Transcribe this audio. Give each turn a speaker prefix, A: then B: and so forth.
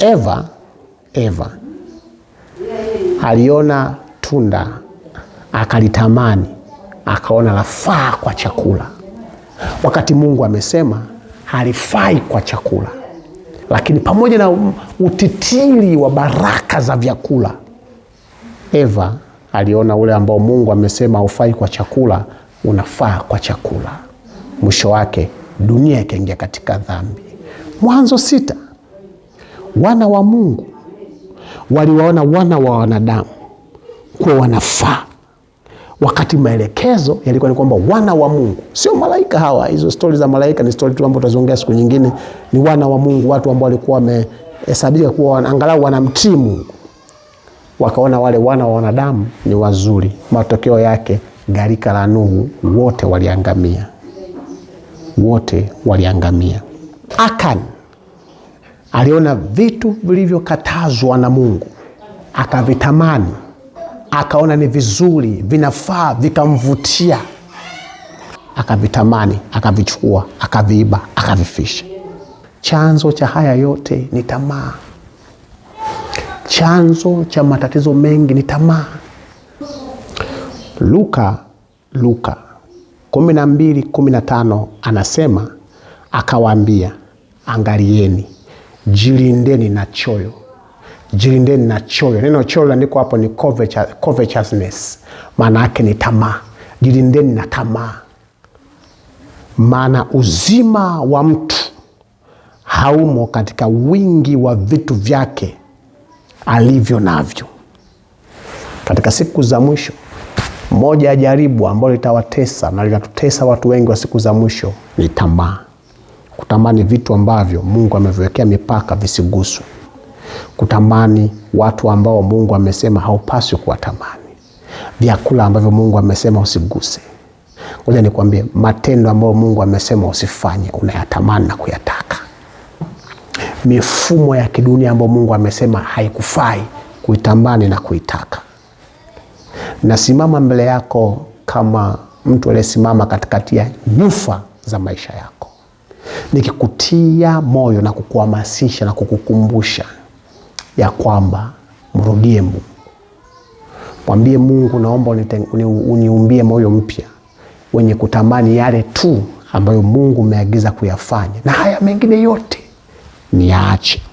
A: Eva, Eva aliona tunda akalitamani, akaona lafaa kwa chakula, wakati Mungu amesema halifai kwa chakula. Lakini pamoja na utitili wa baraka za vyakula, Eva aliona ule ambao Mungu amesema haufai kwa chakula unafaa kwa chakula. Mwisho wake dunia ikaingia katika dhambi. Mwanzo sita wana wa Mungu waliwaona wana wa wanadamu kuwa wanafaa, wakati maelekezo yalikuwa ni kwamba wana wa Mungu sio malaika. Hawa hizo stori za malaika ni stori tu ambazo tutaziongea siku nyingine. Ni wana wa Mungu, watu ambao walikuwa wamehesabika kuwa angalau wanamtii Mungu, wakaona wale wana wa wanadamu ni wazuri. Matokeo yake gharika la Nuhu, wote waliangamia, wote waliangamia. Akani aliona vitu vilivyokatazwa na Mungu akavitamani, akaona ni vizuri, vinafaa, vikamvutia, akavitamani, akavichukua, akaviiba, akavifisha. Chanzo cha haya yote ni tamaa. Chanzo cha matatizo mengi ni tamaa. Luka Luka 12:15 anasema, akawaambia, angalieni jilindeni na choyo jilindeni na choyo. Neno choyo landiko hapo ni covetousness, maana yake ni tamaa. Jilindeni na tamaa, maana uzima wa mtu haumo katika wingi wa vitu vyake alivyo navyo. Katika siku za mwisho, moja ya jaribu ambalo litawatesa na linatutesa watu wengi wa siku za mwisho ni tamaa kutamani vitu ambavyo Mungu ameviwekea mipaka visiguswe, kutamani watu ambao Mungu amesema haupaswi kuwatamani, vyakula ambavyo Mungu amesema usiguse. Ngoja nikwambie, matendo ambayo Mungu amesema usifanye unayatamani na kuyataka, mifumo ya kidunia ambayo Mungu amesema haikufai kuitamani na kuitaka. Nasimama mbele yako kama mtu aliyesimama katikati ya nyufa za maisha yako nikikutia moyo na kukuhamasisha na kukukumbusha ya kwamba mrudie Mungu, mwambie Mungu, naomba uniumbie moyo mpya wenye kutamani yale tu ambayo Mungu umeagiza kuyafanya, na haya mengine yote ni yaache.